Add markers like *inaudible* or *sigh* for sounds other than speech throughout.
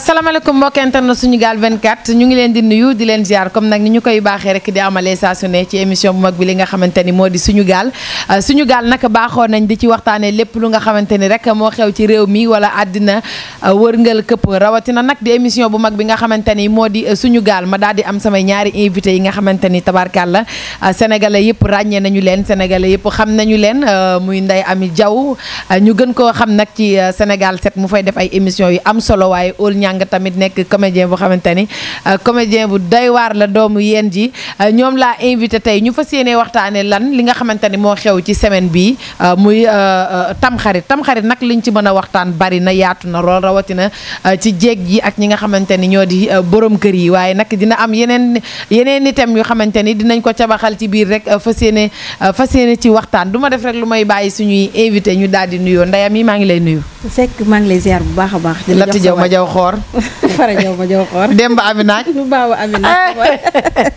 asalaamaaleykum mbokk internet suñu gaal 24 ñu ngi leen di nuyu di leen ziar comme nag ni ñu koy baaxee rek di amale saa su ci émission bu mag bi li nga xamante ni moo di suñu gaal euh, suñu gaal nag baaxoo nañ di ci waxtaanee lépp lu nga xamante ni rek moo xew ci réew mi wala àddina euh, wërngal këpp rawatina nag émission bu mag bi nga xamante ni moo di euh, suñu gaal ma daal di am samay ñaari invité yi nga xamante tabarkaal la sénégalais yëpp ràññee nañu leen sénégalais yëpp xam nañu leen muy ndey ami Diaw ñu gën ko xam nag ci Sénégal 7 mu fay def ay émissions yu am solo waaye ñàng tamit nekk comédien bu xamante ni euh, comédien bu day waar la doomu yéen ji euh, ñoom laa invité tey ñu fas yéenee waxtaanee lan li nga xamante ni moo xew ci semaine bi euh, muy tamxarit tamxarit nag liñ ci mën a waxtaan bari na yaatu na lool rawatina ci jéeg yi ak ñi nga xamante ni ñoo di borom kër yi waaye nag dina am yeneen yeneen itam yu xamante ni dinañ ko cabaxal ci biir rek fa yéene fas yéene ci waxtaan du ma def rek lu may bàyyi suñuy invité ñu daal di nuyoo ndeyam yi maa ngi lay nuyu. xoor. *laughs* fara ñëw ma jow xoor. Demba Aminaaj. lu *laughs* baaw Aminaaj.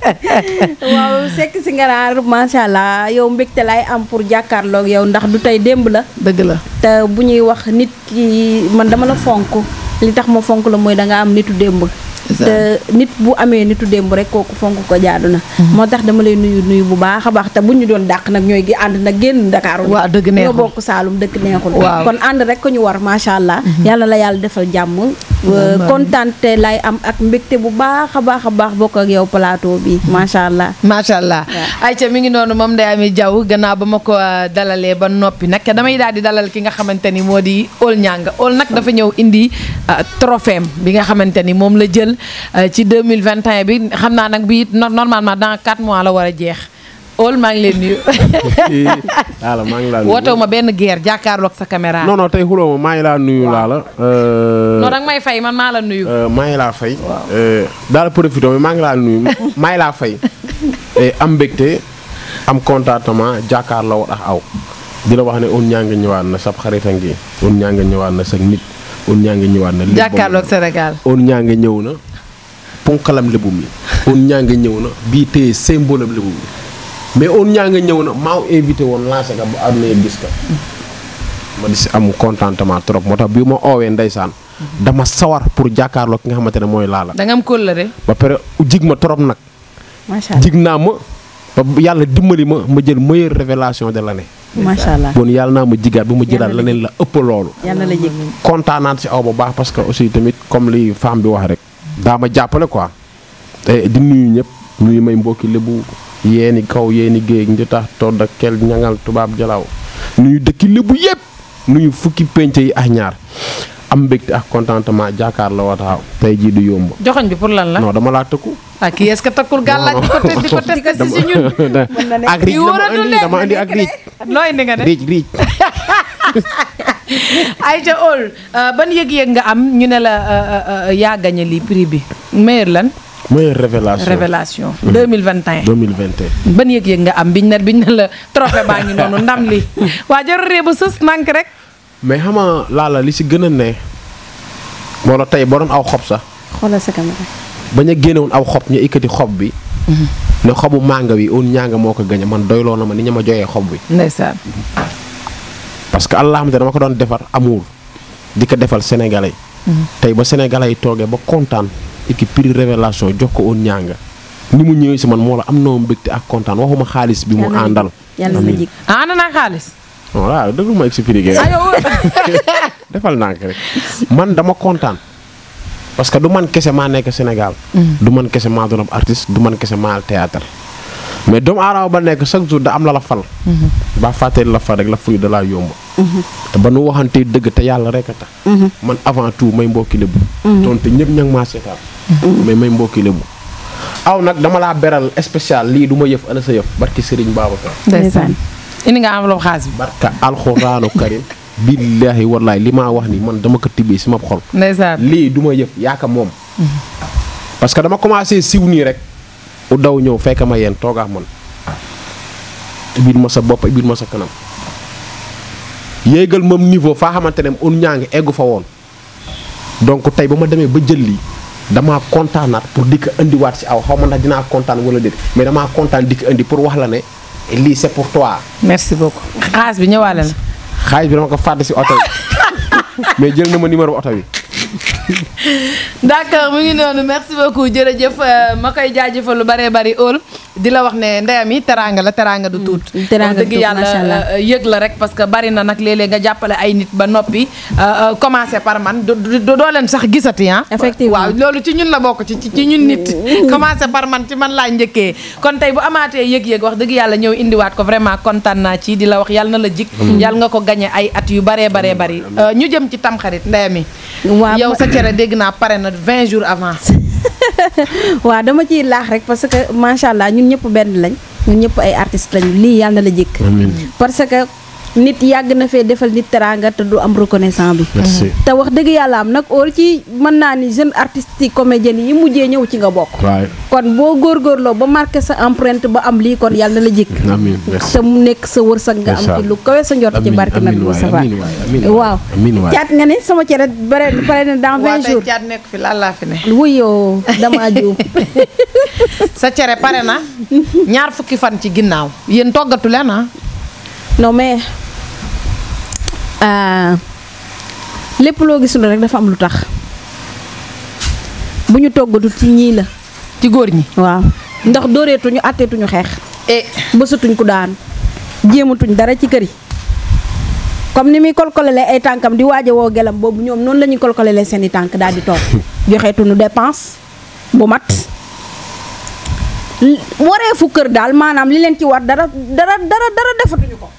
*laughs* waaw sekk si ngaraar macha allah yow mbégte laay am pour jàkkaarloog yow ndax du tey démb la. dëgg la te bu ñuy wax nit ki man dama la fonk li tax ma fonk la mooy danga am nitu démb. te nit bu amee nitu démb rek kooku fonk ko jaadu na. Mhm. moo tax dama lay nuyu nuyu bu baax a baax te bu ñu doon dàq nag ñooy gi ànd nag génn Dakar. waaw dëgg bokk Saalum dëkk neexul. kon ànd rek ko ñu war macha allah. Mhm. jàmm. kontante euh, lay am ak mbégte bu baax a baax a baax bokk ak yow plateau bi macha allah. macha allah ay ayca mi ngi noonu moom day ami jaww gannaaw ba ma ko euh, dalalee ba noppi nag damay daal di dalal ki nga xamante ni moo di Oul Nianga Oul nag dafa ñëw indi euh, trophée bi nga xamante ni moom la jël ci deux mille 2021 bi xam naa nag bi normalement dans 4 mois la war a jeex. Ool maa ngi leen nuyu. laala maa ngi laa nuyu wootewu ma benn guerre jàkkaarloog sa caméra. non non xuloo ma maa ngi laa nuyu laala. Euh, non danga may fay man maa la nuyu. Euh, maa ngi laa fay. Euh, daal profité bi maa ngi laa nuyu *laughs* maa ngi laa fay. am mbégte am contentement jàkkaarloo ak aw. di la wax ne un ñaa ngi ñëwaat na sab xarita a ngi. un ñaa ngi ñëwaat na sa nit. un ñaa ngi ñëwaat na. jàkkaarloog Sénégal un ñaa ngi ñëw na. ponkalam lebum mi un ñaa ngi ñëw na bii téye mais on ñaa ñëw na maaw invité woon lancé ka bu gis ka ma di si am contentement trop moo tax bi ma oowee ndeysaan dama sawar pour jàkkaarloo ki nga xamante ne mooy laala. da nga am ba pare jig ma trop nag. jig naa ma ba yàlla dimbali ma ma jël meilleure révélation de l'année. macha allah yàlla naa ma jigaat bi ma jëlaat leneen la ëpp loolu. kontaanaat si aw bu baax parce que aussi tamit comme li femme bi wax rek. daa ma jàppale quoi. te eh, di nuyu ñëpp nuyu may mbokki lébu yeeni kaw yeeni géej ndi tax todd ak kel ñangal tubaab jalaaw nuyu dëkki lébu yépp nuyu fukki pénc yi ak ñaar am mbégte ak contentement jaakaar la wa taxaw jii du yomb. joxoñ bi pour lan la non dama laa tëkku. ah kii est-ce que takkul di ko te di ko testé si ñun. *laughs* ak riij dama andi ak riij. looy indi nga ne riij riij. *laughs* Aïcha euh, ban yëg-yëg nga am ñu ne la euh, euh, yaa gañe lii prix bi meilleur lan. mooy révélation révélation. 2021 mm. 2021. ban yëg-yëg nga am biñ ne biñ ne la trophée baa ngi noonu ndam li *laughs* waa jarul réew ba sës nànk rek. mais xama laala li si gën a ne moo la tey doon aw xob sax. xoolal sa caméra. bañ aw xob ñu ikkati xob bi. Mhm. ne xobu mànga wi un ñaanga moo ko gañe man doyloo na ma ni ña ma joyee xob bi. ndeysaan. parce que allah dama ko doon defar amour di ko defal sénégalais. Mhm. tey ba sénégalais toogee ba kontaan. équipe prix révélation jox ko woon ñaanga ni mu ñëwee si man moo la am na ma mbégte ak kontaan waxuma xaalis bi mu àndal. yàlla na jig ànd ah, naa xaalis. waaw déglu ma expliqué ah, *laughs* defal naa ko rek man dama kontaan. parce que du man kese maa nekk Sénégal. Mm. du man kese maa doon ab artiste du man kese maa théâtre mais doomu aadama ba nekk chaque da am la la fal. Mm-hmm. ba fàttee la fal rek la fruit da yomb. Mm-hmm. te ba nu waxantee dëgg te yàlla rek a tax. Mm-hmm. man avant tout may mbokki lépp. tontu ñëpp ña nga maa seetaan. mais may mbokki lébu aw nag dama laa beral spécial lii du ma yëf ala sa yëf barki Serigne Babacar. ndeysaan indi nga enveloppe xaalis bi. barka alxuraanu karim. billaahi wallaahi li maa wax ni man dama ko tibbee si ma xol. ndeysaan lii du ma yëf yaaka moom. parce que dama commencé siw nii rek. u daw ñëw fekk ma yéen toogaax man. biir ma sa boppa biir ma sa kanam. yéegal moom niveau faa xamante ne on ñaa ngi eggu fa woon. donc tey ba ma demee ba jël lii. damaa kontaanaat pour di ko indiwaat si aw xaw ma ndax dinaa kontaan wala déet mais damaa kontaan di ko indi pour wax la ne lii c'est pour toi. merci beaucoup xaalis bi ñëwaale la. xaalis bi dama ko fàtte si oto bi *laughs* mais jël na ma numéro oto bi. *laughs* d'accord mu ngi noonu merci beaucoup jërëjëf euh, ma koy jaajëfal lu baree bari óol di la wax ne ndeyam yi teraanga la teraanga du mm, tuut wax dëgg yàlla euh, euh, yëg la rek parce que bari na nag léeg-léeg nga jàppale ay nit ba noppi commencé par man doo leen sax gisati ah waaw loolu ci ñun la bokk ci ci ñun nit mm. *laughs* commencé par man ci man laa njëkkee kon tey bu amaatee yëg-yëg wax dëgg yàlla ñëw indiwaat ko vraiment kontaan naa ci di la wax yàlla na la jik mm. yàlla nga ko gañe ay at yu baree baree bari ñu jëm ci tamxarit ndeyam yi waaw yow sa cere dégg naa pare na vingt jours avant. *laughs* waaw dama ciy laax rek parce que macha allah ñun ñëpp benn lañ ñun ñëpp ay artistes lañu lii yàlla na la jëkk parce que nit yàgg na fee defal nit teraanga te du am reconnaissant bi. te wax dëgg yàlla am nag oo ci mën naa ni jeune artistique comédienne yi mujjee ñëw ci nga bokk. kon boo góorgóorloo ba marqué sa empreinte ba am lii kon yàlla la jikk amiin te mu nekk sa wërsëg nga am ci lu kawe sa njort ci barke na bi sa waay waaw caat nga ne sama cere bare pare na dans vingt jours caat nekk fi lan laa fi ne wuyoo dama juum *laughs* sa cere pare na ñaar fukki fan ci ginnaaw yéen toggatu leen ah non Euh, lépp loo gisul rek dafa am lu tax bu ñu toggatut ci ñii la. ci góor ñi waaw. ndax dóoreetuñu àtteetuñu xeex. e bësatuñ ku daan jéematuñ dara ci kër yi comme ni muy kolkolele ay tànkam di waaje woo gelam boobu ñoom noonu la ñuy kolkolele seen i tànk daal di *laughs* joxeetu nu dépense bu mat. fu kër daal maanaam li leen ci war dara dara dara dara defatuñu ko.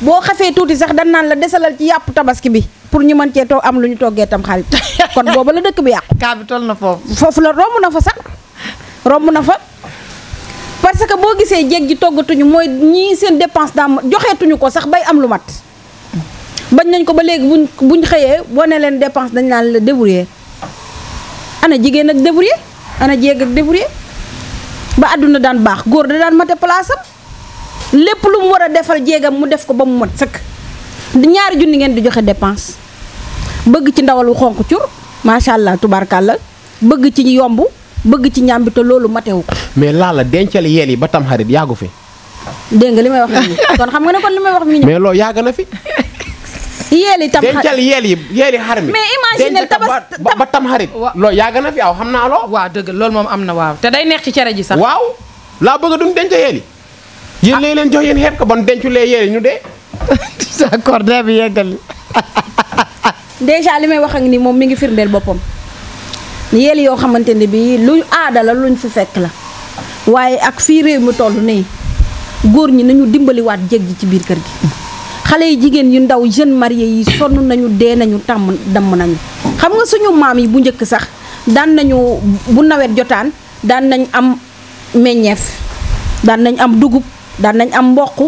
boo xafee tuuti sax dan naan la desalal ci yàpp tabaski bi pour ñu mën cee toog am lu ñu toggee tam xaalis *laughs* kon booba la dëkk bi yàqu. kaa bi na foofu. foofu la romb na fa sax romb na fa parce que boo gisee jéeg ji toggatuñu mooy ñii seen dépense daa joxeetuñu ko sax bay am lu mat bañ nañ ko ba léegi bu buñ xëyee boo ne leen dépense dañ naan la débrouiller ana jigéen ak débrouiller ana jéeg ak débrouiller ba àdduna daan baax góor da daan mate place lépp lu mu war a defal jéegam mu def ko ba mu mat sëkk ñaari junni ngeen di joxe dépense bëgg ci ndawal ndawalu xonq cur macha allah tubaarkàlla bëgg ci yomb bëgg ci ñàmbi te loolu matewu ko. mais laala dencal yeel yi ba tam xarit yàggu fi. dégg li may wax nii *laughs* kon xam nga ne kon li may wax nii. mais loo yàgg na fi. yeel yi tam xarit dencal yeel yi yeel yi xar mi. mais imagine tabas ba tam xarit. loolu yàgg na fi aw xam naa loo. waa dëgg loolu moom am na te day neex ci cere ji sax. waaw laa bëgg a dund denc yi yéen lay leen jox yéen xeeb ko bon denculee yéen ñu dee. *laughs* d'accord naa bi yeggali. *laughs* déjà li may wax ak ni moom mi ngi firndeel boppam yéen yoo xamante ne bii lu aadala la luñ fi fekk la waaye ak fii réew mi toll nii góor ñi nañu dimbaliwaat jéeg ji ci biir kër gi. xale yi jigéen yu ndaw jeune marie yi sonn nañu dee nañu tàmm damm nañu xam nga suñu maam yi bu njëkk sax daan nañu bu nawet jotaan daan nañ am meññeef daan nañ am dugub. daan nañ am mboq.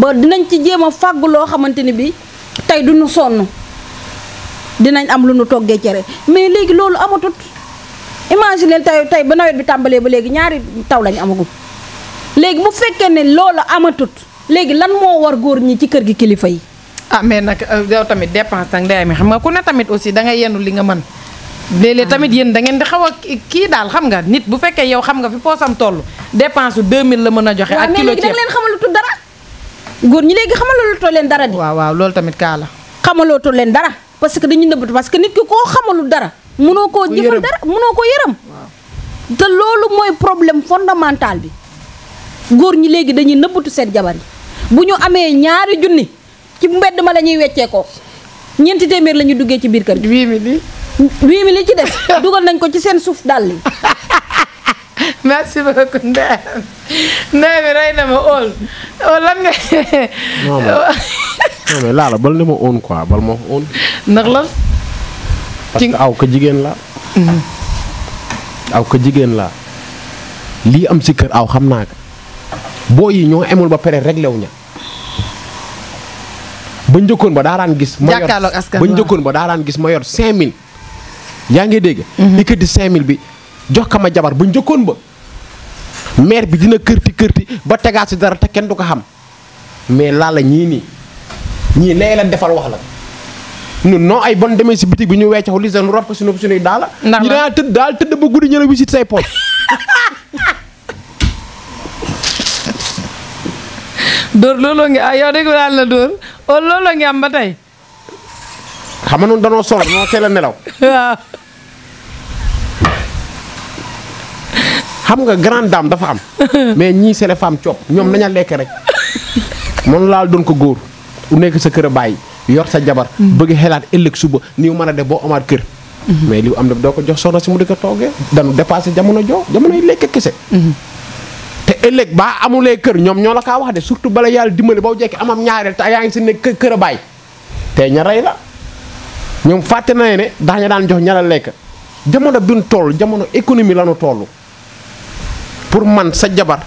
ba dinañ ci jéem a fàggu loo xamante ni bi tey du ñu sonn dinañ am lu ñu toggee cere mais léegi loolu amatut imagine tey tey ba nawet bi tàmbalee ba léegi ñaari taw lañ amagum léegi bu fekkee ne loolu amatut léegi lan moo war góor ñi ci kër gi kilifa yi. ah mais nag euh, yow tamit dépense nag ndeyam mi xam nga ku ne tamit aussi da nga yenu li nga mën. léeg tamit yéen dangeen di xaw a kii daal xam nga nit bu fekkee yow xam nga fi poosam toll dépense 2000 la mën a joxe. ak kilo xam waaw mais léegi da nga leen xamalutu dara. góor ñi léegi xamalutoo leen dara di. waaw waaw loolu tamit kaa la. xamalutoo leen dara parce que dañuy nëbbatu parce que nit ki koo xamalu dara. munoo koo jëfal dara mënoo koo yërëm. te loolu mooy problème fondamental bi góor ñi léegi dañuy nëbbatu seen jabar yi bu ñu amee ñaari junni ci mbedd ma la ñuy ñeenti téeméer la ñuy duggee ci biir kër gi. wii mi li ci des *laughs* dugal nañ ko ci seen suuf dàll yi *laughs* merci beaucoup Ndeye Ndeye bi rey na ma óol óol oh, lan nga. non oh. *laughs* non mais bal ne ma óon quoi bal ma óon. ndax lan. parce que aw ka jigéen la aw ka jigéen la lii am si kër aw xam naa ko boo yi ñoo emul ba pare réglé wu ña ba njëkkoon ba daaraan gis. ma yor ba njëkkoon ba daaraan gis ma yor 5000. yaa ngi dégg. Mhm. yëkkati 5000 bi jox ka ma jabar bu njëkkoon ba. maire bi dina kërti kërti ba tegaat si dara te kenn du ko xam mais laa la ñii nii ñii nee leen defal wax la. ñun noo ay bon demee si bitig bi ñu weccaxu li seen rof ko suñu suñuy daala. ndax ñu daan daal tëdd ba guddi ñëw wisit say poche. *laughs* dóor looloo ngi ah yow de daal la dóor oh, looloo ngi am ba tey. xam nga noonu danoo sonn danoo teel a nelaw. xam nga grande dame dafa am. mais ñii c'est les femmes coop ñoom nañu lekk rek. moom laal doon ko góor. u nekk sa kër a bàyyi yor sa jabar. bëgg xelaat ëllëg suba ni mu mën a def boo amaat kër. mais li am na doo ko jox soxna si mu di ko toogee. dañu dépassé jamono joo jamono yi lekk kese. te ëllëg baa amulee kër ñoom ñoo la kaa wax de surtout bala yàlla dimbali boo jekki amam ñaareel te yaa ngi si ne kër a bàyyi. tey ña rey ñoom fàtte na ne daañu daan jox ñala lekk jamono bi ñu toll jamono économie la ñu toll pour man sa jabar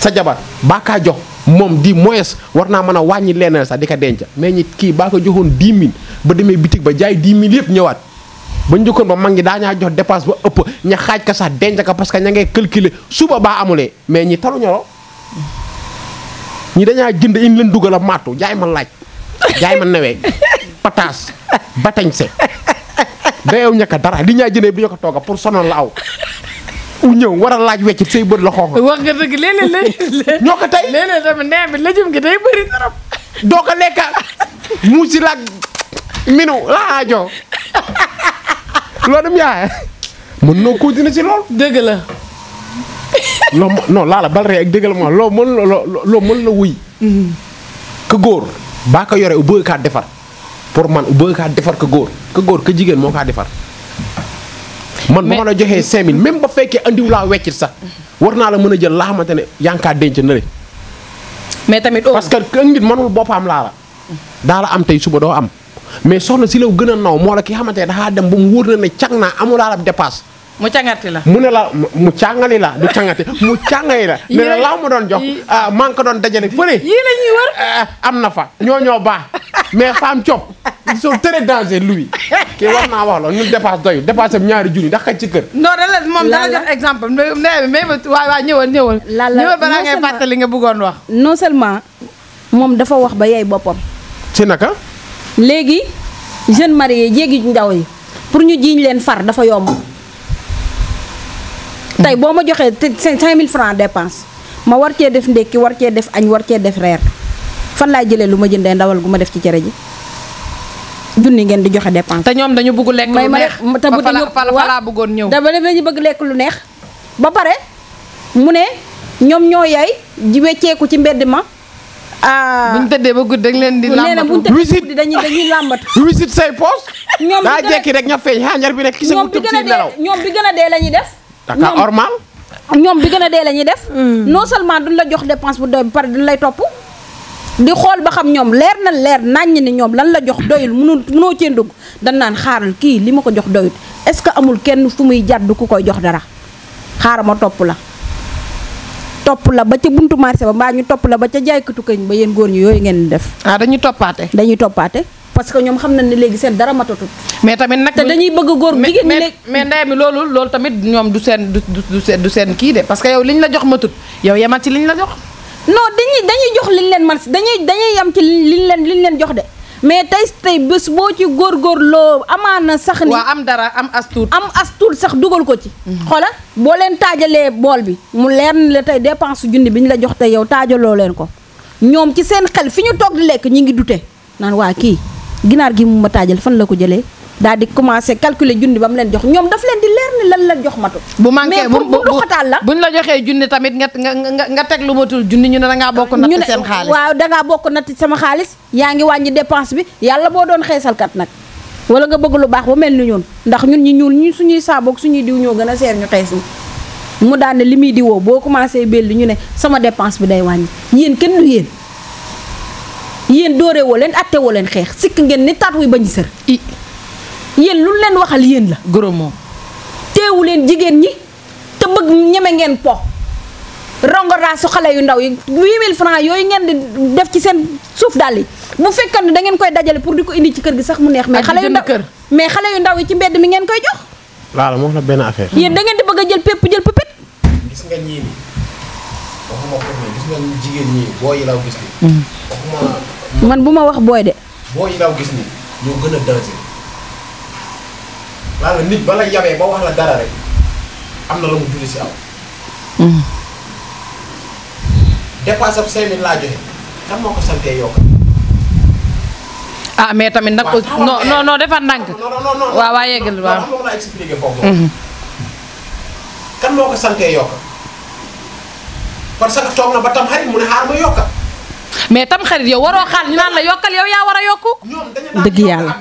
sa jabar baa kaa jox moom di moyes war naa mën a wàññi leneen sax di ko denc mais ñi kii baa ko joxoon 10 ba demee bitig ba jaay 10 000 yëpp ñëwaat ba njëkkoon ba mag ñi ñaa jox dépense ba ëpp ña xaaj ka sax denc ka parce que ña ngay calculer suba baa amulee mais ñi talu ñoro ñi dañaa jënd in leen dugal a maatu jaay ma laaj jaay ma newee pataas batañse dayow ñaka dara li ñaa jënee bi ñu ko tooga pour sonal la aw u ñëw war a laaj weccit say bët la xoox wax nga dëgg léeg-léeg ñoo ko tey léeg-léeg tamit bi lëjum gi day bëri trop doo ko lekka muusi laag minu laa aajo loolu yaa mën noo la loo non laala bal ree ak dëggal ma loo mën la wuy mm-hmm. ka góor baa ko yore u kaa defar pour man bëgg kaa defar ka góor ka góor ka jigéen moo kaa defar. man bu ma la joxee 5000 même ba fekkee andiw laa weccit sax war naa la mën a jël laa xamante ne yaa ngi kaa denc na le mais tamit oh. parce que ak nit mënul boppam laa la. daa la am tey suba doo am. mais soxna si la gën a naw moo la ki xamante ne dafa dem ba mu wóor na ne cag naa amulaa la dépasse. mu càngati la mu ne la mu càngali la du càngati mu càngali la. ne la laa ma doon jox ah maa ngi ko doon dajale fële. yii la ñuy wër eh, am na fa ñoo ñoo baax. mais femme cop ils sont très dangereux Louis kii war naa wax la ñun dépasse doyul dépasse am ñaari junni ndax xaj ci kër. non dala moom dala jox exemple mais mais waaw waaw ñëwal ñëwal. lan la nga bëggoon wax. non seulement moom dafa wax ba yey boppam. ci naka. léegi jeune marié jéegi ndaw yi pour ñu jiiñ leen far dafa yomb. tey boo ma joxee te cinq mille francs dépense ma war cee def ndékki war cee def añ war cee def reer. fan laay jëlee lu ma jëndee ndawal gu ma def ci cere ji junni ngeen di joxe dépense. te ñoom dañu bëgg lekk lu neex te bu dañu falaa bëggoon ñëw dama ne dañu bëgg lekk lu neex ba pare mu ne ñoom ñoo yaay ji wecceeku ci mbedd ma. Ah, bu ñu tëddee ba guddi dañ leen di. làmbatu wisit dañuy dañuy làmbatu. *laughs* wisit say poos. ñoom bi gën a daa jekki rek ña feeñ xaañar bi rek. ñoom bi gën a dee ñoom bi gën a dee la ñuy def. daka normal. ñoom bi gën dee la ñuy def. Hmm. non seulement duñ la jox dépense bu doy ba pare duñ lay topp. di xool ba xam ñoom leer na leer naññ ne ñoom lan la jox doyul munu munoo cee dugg dan naan xaaral kii li ma ko jox doyul est-ce que amul kenn fu muy jàdd ko koy jox dara xaaral ma topp la topp la ba ca buntu marché ba mbaa ñu topp la ba ca jaaykatu këñ ba yéen góor ñi yooyu ngeen di def ah dañuy toppaate dañuy toppaate parce que ñoom xam nañ ne léegi seen dara matatut mais tamit nag te dañuy bëgg góor jigéen ñi mais ndey mi loolu loolu tamit ñoom du seen du seen kii de parce que yow liñ la jox matut yow yemal ci liñ la jox non dañuy dañuy jox liñ leen man si dañuy dañuy yam ci li leen liñ leen jox de mais tey tey bés boo ci góor góorgóorloo amaana sax ni waaw am dara am astuut am astuut sax dugal ko ci mhm. xoolal boo leen taajalee bool bi mu leer ni la tey dépense junni bi ñu la jox tey yow taajaloo leen ko ñoom ci seen xel fi ñu toog di lekk ñu ngi dute naan waa kii ginaar gi mu ma taajal fan la ko jëlee daal di commencé calculer junni ba mu leen jox ñoom daf leen di leer ni lan la jox matul. bu manqué bu bu xotaal la buñ la joxee junni tamit nga nga nga teg lu matul junni ñu ne dangaa bokk natt seen xaalis waaw dangaa bokk natt sama xaalis yaa ngi wàññi dépense bi yàlla boo doon xeesalkat nag wala nga bëgg lu baax ba mel ni ñun ndax ñun ñi ñuul ñu suñuy saaboog suñuy diw ñoo gën a seer ñu xees ñi mu daan ne li muy di woo boo commencé belli ñu ne sama dépense bi day wàññi yéen kenn du yéen yéen dooree woo leen atte woo leen xeex sikk ngeen ni taat wuy bañ sër yéen lu leen waxal yéen la gros mot teewu leen jigéen ñi te bëgg ñeme ngeen po rongoraa su xale yu ndaw yi 8000 francs yooyu ngeen di def ci seen suuf daal yi bu fekkoon ne da ngeen koy dajale pour di ko indi ci kër gi sax mu neex mais xale yu ndaw mais xale yu ndaw yi ci mbedd mi ngeen koy jox laala moom la benn affaire yéen da ngeen di bëgg a jël pépp jël pépét gis nga ni jigéen ñii boo hmm. man bu ma wax booy de boo yi gis ni ñoo gën a danger maanaam nit ba la yabee ba wax la dara rek am na la mu julli si aw. dépasse ab 5000 laa joxe kan moo ko santee yokk. ah mais tamit nag. waaw taxawal non non non defar ndànk. non non non waaw waaw hmm. kan moo ko santee yokk parce que toog na ba tam xarit mu ne xaar ma yokk. mais tam xarit yow waroo xaar ñu naan la yokkal yow yaa war a yokku. dëgg yàlla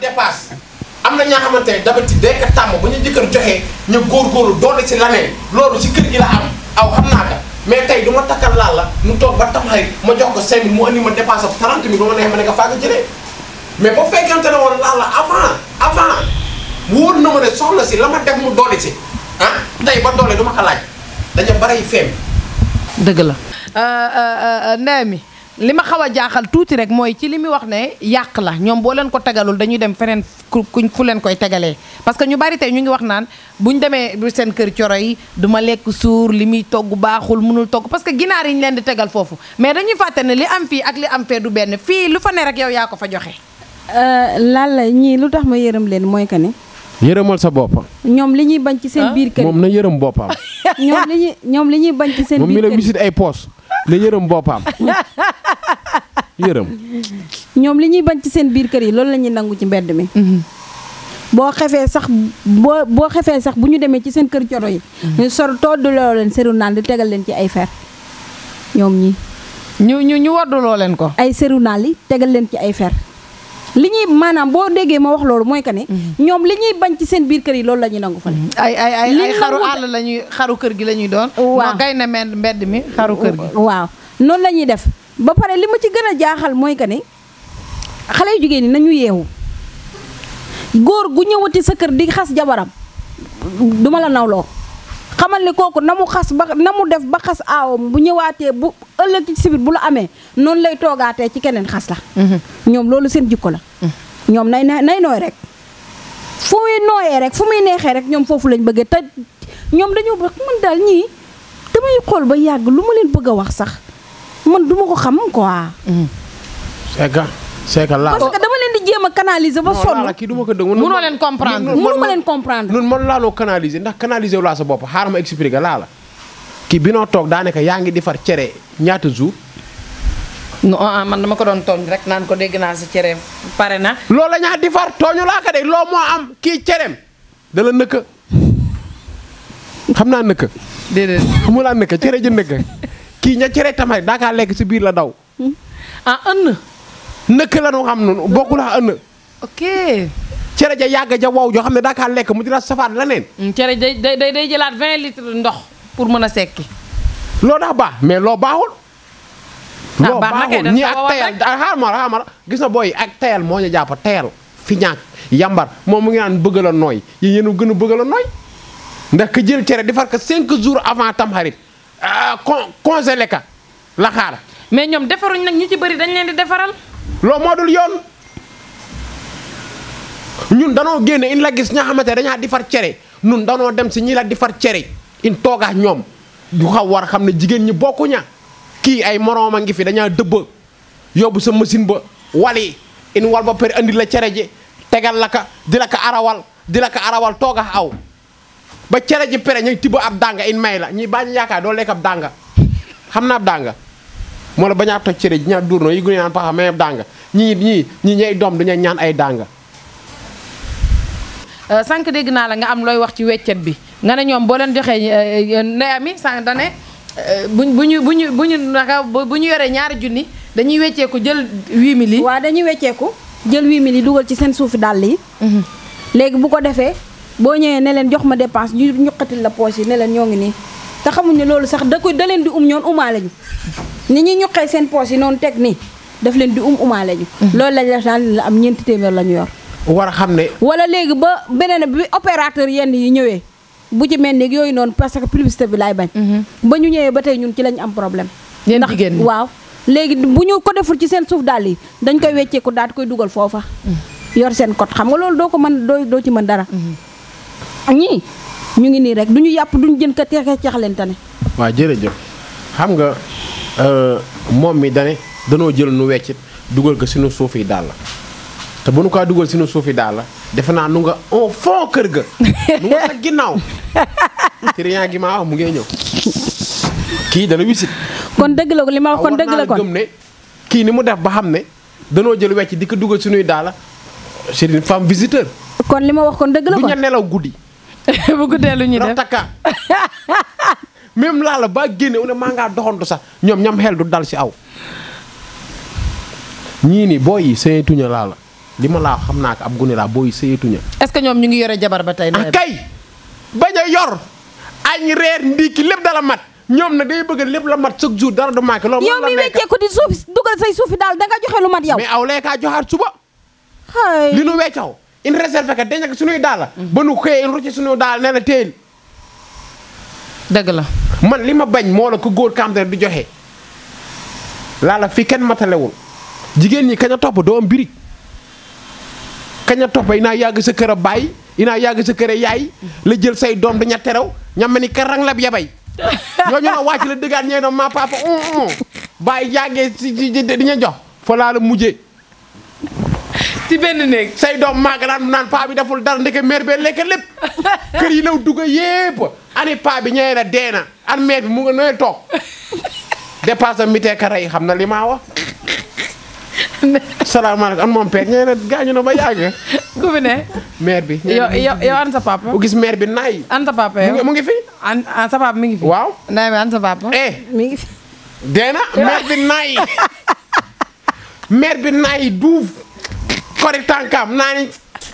am na ñaa xamante ne d'habitude day ko tàmm ba ñu jëkkër joxee ñu góorgóorlu doole ci laneen loolu si kër gi la am aw xam naa ko mais tey du ma takkal laal la mu toog ba taxay ma jox ko 5000 mu andi ma dépense ab 30 000 ba ma neex ma ne ko faa ko jëlee mais ba fekkente ne woon laal la avant avant wóor na ma ne si la ma def mu doole si ah tey ba doole du ma ko laaj dañu feem. dëgg la. Euh, euh, euh, ndey mi li ma xaw a jaaxal tuuti rek mooy ci li muy wax ne yàq la ñoom boo leen ko tegalul dañuy dem feneen fu leen koy tegalee parce que ñu bari tey ñu ngi wax naan bu ñu demee seen kër coro yi du lekk suur li muy togg baaxul mënul togg parce que ginaar yi ñu leen di tegal foofu mais dañuy fàtte ne li am fii ak li am fee du benn fii lu fa ne rek yow yaa ko fa joxe. Euh, lan ñii lu tax ma yërëm leen mooy que ni. yërëmal sa bopp. ñoom li ñuy bañ ci seen ah? biir kër moom na yërëm boppam. *laughs* ñoom li ñuy ñoom li ñuy bañ seen biir kër moom mi la wisit ay boppam *laughs* yërëm. ñoom li ñuy bañ ci seen biir kër yi loolu lañuy nangu ci mbedd mi. Mhm. boo xefee sax boo boo xefee sax bu ñu demee ci seen kër coro yi. Mhm. ñu sor todduloo leen seru naan di tegal leen ci ay fer ñoom ñi ñu ñu ñu wadduloo leen ko. ay seru naan li tegal leen ci ay fer. li ñuy maanaam boo déggee ma wax loolu mooy que ne. Mhm. ñoom li ñuy bañ ci seen biir kër yi loolu la ñuy nangu fale. ay ay ay ay xaru àll la xaru kër gi la ñuy doon. waaw noo gay mbedd mi xaru kër gi. waaw noonu lañuy def. ba pare li ma ci gën a jaaxal mooy que ni xale yu jigéen ñi nañu yeewu góor gu ñëwati sa kër di xas jabaram duma la nawloo xamal ni kooku na mu xas ba na mu def ba xas aawam bu ñëwaatee bu ëllëg ci sibir bu la amee noonu lay toogaatee ci keneen xas la mhm. ñoom loolu seen jikko la mhm. ñoom nay nay nooy rek fu muy nooyee rek fu muy neexee rek ñoom foofu lañ bëggee te ñoom dañoo bëgg man daal ñii damay xool ba yàgg lu ma leen bëgg a wax sax man duma ko xam quoi. Hmm. c'est que c'est que la. parce que dama leen di jéem a canaliser ba sonn. non kii du ma ko dégg mënoo leen comprendre mënu ma leen comprendre. noonu man laaloo ndax canaliser wu sa bopp xaaral ma expliquer laa la. kii bi noo toog daanaka yaa ngi defar cere ñaata jour. non ah, ah, man dama ko doon tooñ rek naan ko dégg naa si cere pare na. loolu la ñaa defar tooñu laa ko de loo moo am kii cere da la nëkk xam naa nëkk. déedéet laa nëkk cere ji nëkk. *laughs* kii ña cere tamay daa kaa lekk si biir la daw. Hmm? ah ënn. nëkk la nu xam noonu bokkul ak ënn. ok. cere ja yàgg ja wow joo xam ne daa kaa lekk mu dina safaat leneen. Hmm, cere day day day jëlaat 20 litres ndox pour mën a sekki. loo daa baax mais loo baaxul. Ah, loo baaxul ñii ak tayal ah, xaaral xaaral gis na booy ak tayal moo ñu jàpp tayal fi ñaak yambar moom mu ngi naan la nooy yéen a gën a bëgg la nooy ndax ka jël cere di far ko 5 jours avant tamxarit Ah, con conseillé ka la mais ñoom defaruñ nag ñu ci bëri dañ leen di defaral. loo moo dul yoon ñun danoo génn in la gis ña xamante dañaa difar cere ñun danoo dem si ñi la difar cere in toogaa ñoom ñu xaw war xam ne jigéen ñi bokku ña kii ay moroom a ngi fi dañaa dëbba yóbbu sa machine ba wali in wal ba pare andi la cere ji tegal la ka di la ka arawal di la ka arawal toogaa aw. ba cere ji pere ñu tibb ab dànga in may la ñi bañ yaakaar doo lekk ab dànga xam naa ab dànga moo la bañaa toj cere ji ñaa duur noo yi gune naan paxa may ab dànga ñii ñii ñi ñay doom dañuy ñaan ay dànga euh, sànq dégg naa la nga am looy wax ci weccet bi nga ne ñoom boo leen joxee euh, euh, ndeyami sànq dane buñ bu ñu bu ñu bu ñu naka bu ñu yoree ñaari junni dañuy wecceeku jël 8000 yi. waaw dañuy wecceeku jël 8000 yi dugal ci seen suufi dàll yi. Mhm. léegi bu ko defee boo ñëwee ne leen jox ma dépense ñu ñuqatil la poche yi ne leen ñoo ngi nii te xamuñ loolu sax da koy da leen di um ñoon umaale ñu ni ñuy ñuqee seen poche yi noonu teg nii di um umaale ñu mm-hmm. loolu lañ def daan la am ñeenti téeméer lañu yor war a xam ne wala léegi ba beneen bi opérateur yenn yi ñëwee bu ci mel ni yooyu noonu parce que publicité bi laay bañ mm-hmm. ba ñu ñëwee ba tey ñun ci lañ am problème ndax waaw léegi bu ñu ko deful ci seen suuf daal yi dañ koy wecceeku daal koy dugal foofa mm-hmm. yor seen code xam nga loolu doo ko mën doo doo ci mën dara ñii ñu ngi nii rek du ñu yàpp du ñu jën ka teexee ceex leen tane. waaw jërëjëf xam nga euh, moom mi dane danoo jël nu weccit dugal ko sunu suuf yi daal la te bu nu kaa dugal sunu suuf yi daal la defe naa nu nga au fond kër ga. nu nga nag ginnaaw. *laughs* client gi maa mu ngi ñëw. kii dana wisit. kon dëgg la ko li ma wax kon ah, dëgg la kon kii ni mu def ba xam ne danoo jël wecc di ko dugal suñuy daala c'est une femme visiteur. kon li ma wax kon dëgg la kon du ñu nelaw guddi. *laughs* bu guddee lu ñuy def takka *laughs* même laa la ba génne wu ne maa ngaa doxantu sax ñoom ñam xel du dal si aw. ñii ni booy yi sëyetuñu laa la li laa xam naa ko ab gune laa booy yi sëyetuñu. est-ce que ñoom ñu ngi yore jabar ba tey. ah kay bañ a yor añ reer ndiki lépp dala mat. ñoom na day bëgg lépp la mat chaque jour dara du manqué loolu yow mi wecceeku di suuf daal danga joxe lu mat yow mais aw lay kaa joxaat suba li nu weccaw in réserve ka dañ ak suñuy daal mm-hmm. ba nu xëyee in rucci suñuy daal nee téyel dëgg la man li ma bañ moo la ku góor kam ne du joxe laa la fii kenn matalewul jigéen ñi kañ a topp doom am birig kañ a topp inaa yàgg sa kër a bàyyi inaa yàgg sa kër a yaay la jël say doom daña terew ñama ni karang lab yabay *laughs* ñoo ñu na wàcc la dëggaat ñee doom maa papa mm, mm. bàyyi yàggee si di jox fa laa la ci benn néeg say doom màgg naan paa bi deful dara ndeke mère bee lekk lépp *laughs* kër yi law dugg yépp ani paa bi ñëwee na dee an mère bi mu nga *laughs* li maa *laughs* fi bi yow an sa papa bi mu ngi fi mi ngi waaw naay bi an sa papa eh mi ngi fi bi naay mère bi naay duuf ko tànkam naa ni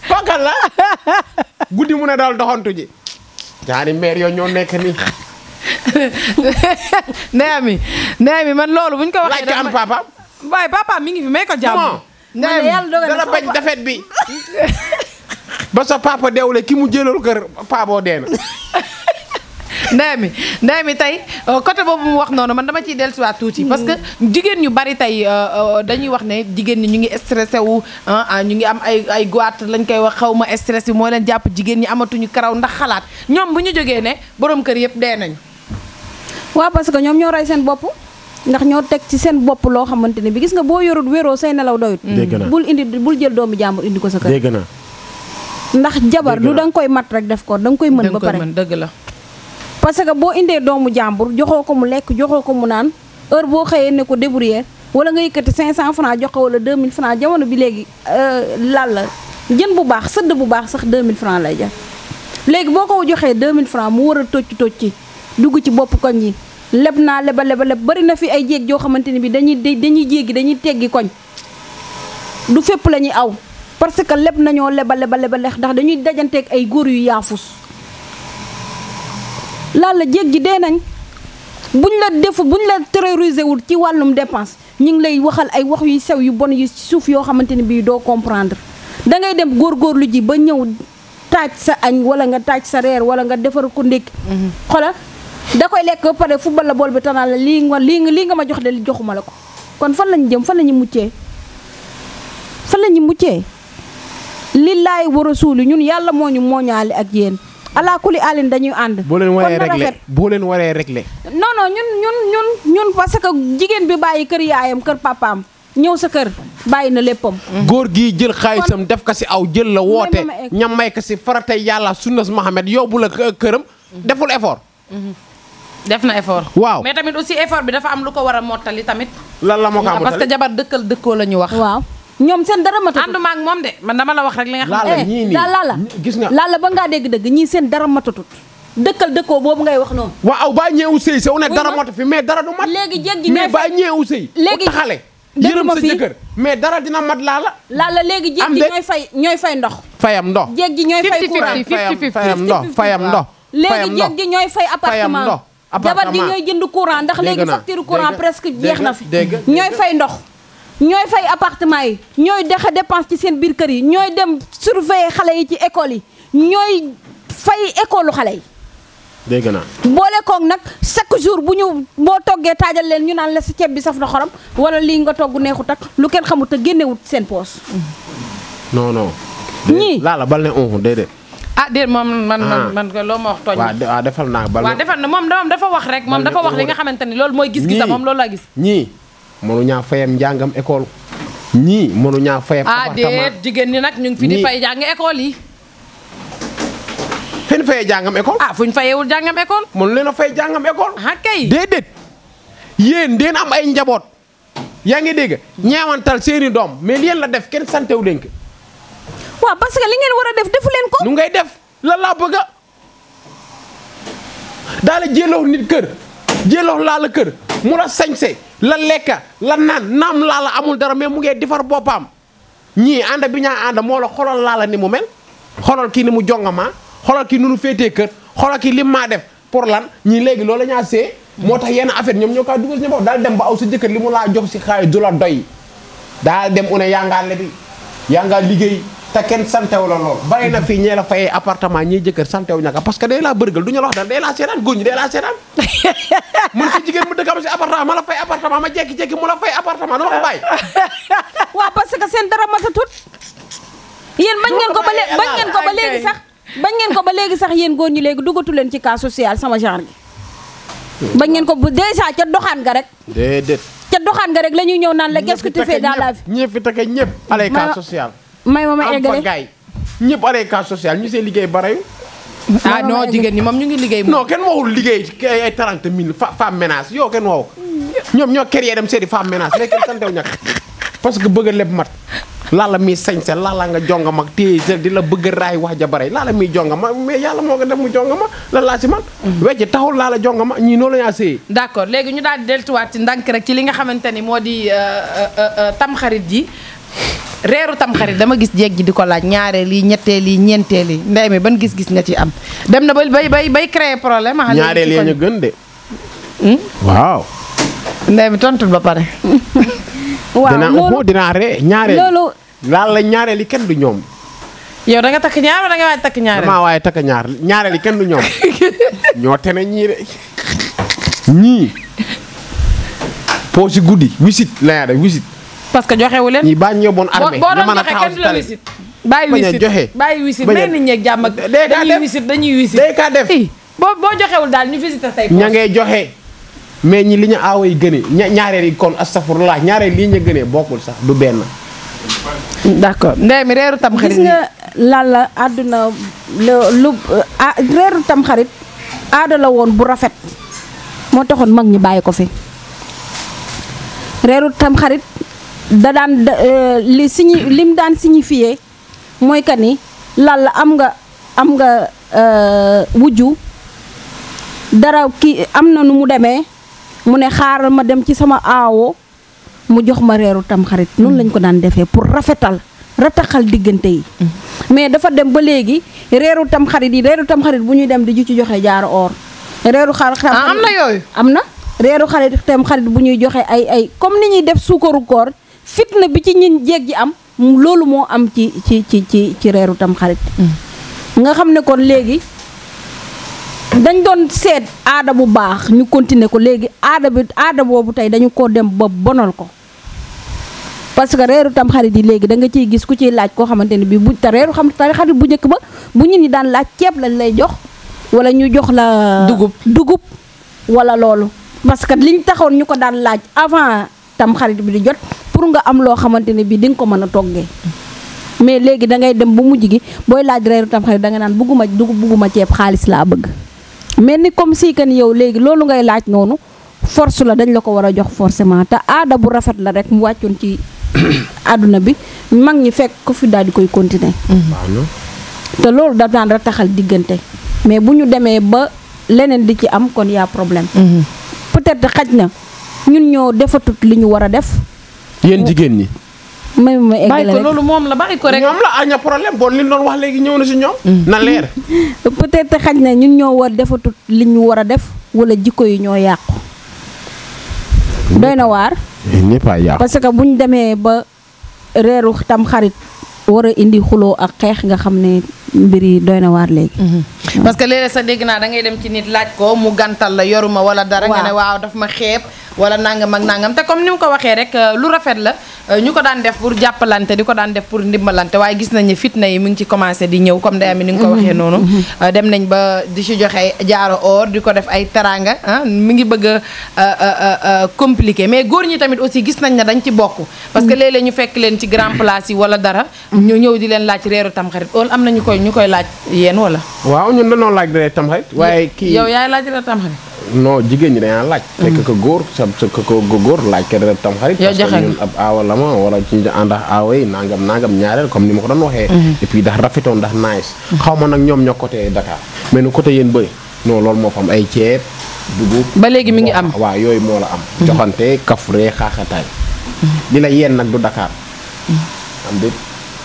fokkal la *laughs* guddi mu ne daal doxantu ji ñaari maire yooyu ñoo nekk ni ndey mi ndey man loolu buñ ko waxee. laaj am papa. waaye papa mi ngi fi may ko jàmm. ndey mi dana bañ dafet bi. *laughs* ba sa papa ki mu jëlal kër paa boo *laughs* ndey mi ndey mi tey euh, côté boobu mu wax noonu man dama ciy dellusiwaat tuuti. Hmm. parce que jigéen ñu bari tey euh, euh, dañuy wax ne jigéen ñi ñu ngi stressé wu ah, ah, ñu ngi am ay ay goiat lañ koy wax xaw ma stress moo leen jàpp jigéen ñi amatuñu karaw ndax xalaat ñoom bu ñu jógee ne borom kër yëpp dee nañu. waaw parce que ñoom ñoo rey seen bopp. ndax ñoo teg ci seen bopp loo xamante ne bi gis nga boo yorut wéroo say nelaw doyut hmm. bul indi bul jël doomu jàmbur indi sa kër. dégg ndax jabar lu da nga koy mat rek def ko da nga koy mën ba pare dëgg la parce que boo indee doomu jàmbur joxoo ko mu lekk joxoo ko mu naan heure boo xëyee ne ko débrouiller wala nga yëkkati 500 francs jox ko wala 2000 francs jamono bi léegi euh, lal la jën bu baax sëdd bu baax sax 2000 francs lay jar léegi boo ko joxee 2000 francs mu war a tocc ci dugg ci bopp koñ yi leb naa leba leba leb bari na fi ay jéeg joo xamante ni bi dañuy dañuy jéggi dañuy teggi koñ du fépp la ñuy aw parce que leb nañoo leba leba leba ndax dañuy dajanteeg ay góor yu yaafus Lalla jéeg ji dee nañ buñ la defu buñ la terroriser wul ci wàllum dépense ñu ngi lay waxal ay wax yu sew yu bon yu suuf yoo xamante ne bii doo comprendre da ngay góor góorgóorlu ji ba ñëw taaj sa añ wala nga taaj sa reer wala nga defar ko ndékki mhm. xoolal da koy lekk ba pare football la bool bi tanaan la lii nga lii lii nga ma jox de li joxuma la ko kon fan lañu jëm fan la ñu muccee fan lañu ñu muccee li laay war ñun yàlla moo ñu mooñaale ak yéen allah kulli alin dañuy ànd. boo leen waree régler boo leen waree régler. non non ñun ñun ñun ñun parce que jigéen bi bàyyi kër yaayam kër papaam ñëw sa kër bàyyi na léppam. Mm-hmm. góor gi jël xaalisam def ko si aw jël la woote. ñam may ko si faratay yàlla sunnas Mohamed yóbbu la këram. Mm-hmm. deful effort. Mm-hmm. def na effort. waaw mais tamit aussi effort bi dafa am lu ko war a mottali tamit. lan la moo ko parce que jabar dëkkal dëkkoo la ñu wax. waaw. ñoom seen dara matatu. ànduma ak moom de man dama la wax rek li nga xam. laala ñii nii laala eh, gis nga laala ba ngaa dégg dëgg ñii seen dara matatu. dëkkal dëkkoo boobu ngay wax noonu. aw baa ñeewu sëy saw ne dara matu fi mais dara du mat. léegi jéggi mais baa ñeewu sëy. léegi xale. yërëm sa jëkkër mais dara dina mat laala. laala léegi jéeg gi ñooy fay ñooy fay ndox. fayam ndox jéeg gi ñooy fay courant fayam ndox fayam ndox. léegi jéeg gi ñooy fay appartement jabar gi ñooy jënd courant ndax léegi facture courant presque jeex na fi ñooy fay ndox ñooy fay apartement yi ñooy dexe dépense ci seen biir kër yi ñooy dem surveiller xale yi ci école yi ñooy fay école lu xale yi. dégg naa. boole koog nag chaque jour bu ñu boo toggee taajal leen ñu naan la si ceeb bi saf na xorom wala li nga togg neexut ak lu kenn xamut te génnewut seen poos. non non. ñii laa la bal ne on déedéet. ah déet moom man man ah. man loo ma wax tooñ. waaw defal naa bal. waaw defal na moom moom dafa wax rek. moom dafa wax li nga xamante ni loolu mooy. gis-gis moom loolu laa gis. ñii. mënu ñaa fayam njàngam école ñii mënu ñaa fayam ah, appartement déet jigéen ñi nag ñu ngi fi di fay jàng école yi fi ñu jàngam école a ah, fu ñu fayeewul jàngam école mënu leen a fay jàngam école ah kay déedéet yéen deen am ay njaboot yaa ngi dégg ñeewantal seeni doom mais li yéen la def kenn santewu leen ko waaw parce li ngeen war a def defu leen ko nu ngay def la laa bëgga daala jéeloox nit kër jéeloox laa la kër mu la sañse la lekka la naan naam laa la amul dara mais mu ngee defar boppam ñii ànd bi ñaa ànd moo la xoolal laa la ni mu mel xoolal kii ni mu jongamaa xoolal kii nu nu féetee kër xoolal kii lim maa def pour lan ñii léegi loolu ñaa see moo tax yenn affaire ñoom ñoo kaa dugal si bopp daal dem ba aw sa jëkkër li mu laa jox si xaalis du la doy daal dem une yaa ngaa lebi yaa ngaa liggéey te kenn santew la lool. bari na fii ñee la fayee appartement ñiy jëkkër santew ñaka parce que day laa bërgal du ñu la wax dara day laa seetaan góor ñi day laa seetaan *laughs* mun si ko *laughs* parce que seen dara matatut yéen bañ ngeen ko ba léegi bañ ngeen ba léegi sax bañ ngeen ko ba léegi sax yéen góor ñi léegi duggatu leen ci cas social sama genre gi bañ ngeen ko bu dèjà ca doxaan ga rek déedéet ca doxaan ga rek la ñuy ñëw naan la qu'est-ce que tu fais dans la vie ñëpp fi takk cas social may ma ma eggale gaay ñëpp aree cas social ñu seen liggéey bareyu ah non jigéen ñi moom ñu ngi liggéey non kenn waxul liggéey ay trente mille femme ménage yow kenn waxu ñoom ñoo créé dem seeti femme ménage léegi kenn santew ñàkk parce que bëgg a leb mat laala mi sañse laala nga jonga mag téye sa di la bëgg a raay wax ja bare laala mi jonga ma mais yàlla moo ko def mu jonga ma la laa si man mm-hmm. wecc taxul laala jonga ma ñii noonu la ñaa séyee d' accord léegi ñu daal di deltuwaat ci ndànk rek ci li nga xamante ni moo di euh, euh, euh, tamxarit ji reeru tamxarit dama gis jeeg ji di ko laaj ñaareel yi ñetteel yi ñeenteel yi ndey mi ban gis-gis nga ci am dem na ba bay bay bay créer problème. Ah, ñaareel yi ñu gën de. Hmm? ba pare. *laughs* waaw loolu dinaa ree ñaareel la ñaareel yi kenn du ñoom. yow da nga takk ñaar wala da takk ñaareel. waaye takk ñaar ñaareel yi kenn du ñoom *laughs* ñoo tene ñii de ñii. poo guddi wisit la yaa de wisit. parce que joxewu leen. ñi baa ñëwoon armée ñu mën a taxaw boo doon joxe kenn bàyyi wisit bàyyi wisit nit ñeeg jàmm ak. dañuy wisit dañuy wisit day ka def boo boo joxewul daal ñu visité say. ña ngay joxe mais ñi li ñu aawa yi gënee ña ñaareel yi kon astafurlah ñaareel lii ñu gënee bokkul sax du benn. d'accord ndey mi reeru tam xarit gis nga lan la àdduna lu reeru aada la woon bu rafet moo taxoon mag ñi bàyyi ko fi reeru tam xarit da daan euh, li signi lim daan signifié mooy que ni lal la am nga am nga euh, wujju dara ki am na nu mu demee mu ne xaaral ma dem ci sama aawo mu jox ma reeru tam xarit mm-hmm. noonu lañ ko daan defee pour rafetal rataxal diggante yi mm-hmm. mais dafa dem ba léegi reeru tam xarit yi reeru tam xarit bu ñuy dem di ju ci joxe jaaro or reeru xar ah, am am na reeru xarit tam xarit bu ñuy joxe ay ay comme ni ñuy def suukaru koor fitna bi ci ñin jeeg ji am loolu moo am ci ci ci ci ci reeru tamxarit mm. nga xam ne kon léegi dañ doon seet aada bu baax ñu continuer ko léegi aada bi aada boobu tey dañu ko dem ba bonal ko parce que reeru tamxarit yi léegi da nga ciy gis ku ciy laaj koo xamante ne bii bu te reeru xam xarit bu njëkk ba bu ñit ñi daan laaj ceeb lañ lay jox wala ñu jox la dugub dugub wala loolu parce que liñ taxoon ñu ko daan laaj avant tamxarit bi di jot pour nga am loo xamante ne bii di nga ko mën a toggee mais léegi da ngay dem ba mujj gi booy laaj reeru tam xarit da nga naan bugguma dugub bugguma ceeb xaalis laa bëgg mel ni comme si yow léegi loolu ngay laaj noonu force la dañ la ko war a jox forcément te aada bu rafet la rek mu wàccoon ci *coughs* àdduna bi mag ñi fekk ko fi daal di koy continuer mm-hmm. te loolu da daan rataxal diggante mais bu ñu demee ba leneen di ci am kon yaa problème mm-hmm. peut-être xaj na ñun ñoo defatut li ñu war a def yéen jigéen ñi. may ma eggale bàyyi loolu moom la bàyyi ko rek. ñoom la aña ah, problème bon li ñu doon wax léegi ñëw na si ñoom. Mm. na leer. *laughs* peut te xaj na ñun ñoo war defatut li ñu war a def wala jikko yi ñoo yàqu. doy na waar. ñëpp yàqu parce que bu ñu demee ba reeru tam xarit war a indi xuloo ak xeex nga xam ne. mbir yi doy na waar léegi. Mhm. parce que léeg-léeg sa dégg naa da ngay dem ci nit laaj ko mu gantal la yoruma wala dara. nga ne waaw daf ma xeeb. wala nangam ak nangam te comme ni mu ko waxee rek euh, lu rafet la euh, ñu ko daan def pour jàppalante di ko daan def pour ndimbalante waaye gis nañu fitna yi mu ngi ci commencé di ñëw comme day am ni nga ko mhm. waxee noonu. Mhm. Euh, dem nañ ba di ci joxe jaaro or di ko def ay teraanga ah mi ngi bëgg a compliqué mais góor ñi tamit aussi gis nañ ne dañ ci bokk. parce que léeg ñu fekk leen ci grand place yi wala dara. ñu ñëw leen laaj reeru tam xarit am nañu koy ñu koy laaj yéen wala. waaw ñun dañoo laaj dara tamxarit. waaye kii yow yaay laaj dara tamxarit. noo jigéen ñi dañaa laaj. Mm-hmm. fekk ko góor sa sa ko góor laaj ko dara tamxarit. yow joxe parce que ñun wala ci ànd ak aawa nangam nangam ñaareel comme ni ma ko doon waxee. Mm-hmm. et puis ndax rafetoon ndax nice. Mm-hmm. xaw ma nag ñoom ñoo côté Dakar mais nu côté yéen bëri non loolu moo fa ay ceeb dugub. ba léegi mi ngi am waa yooyu moo la am. joxante kafre xaaxataay. di la yéen nag du dakaar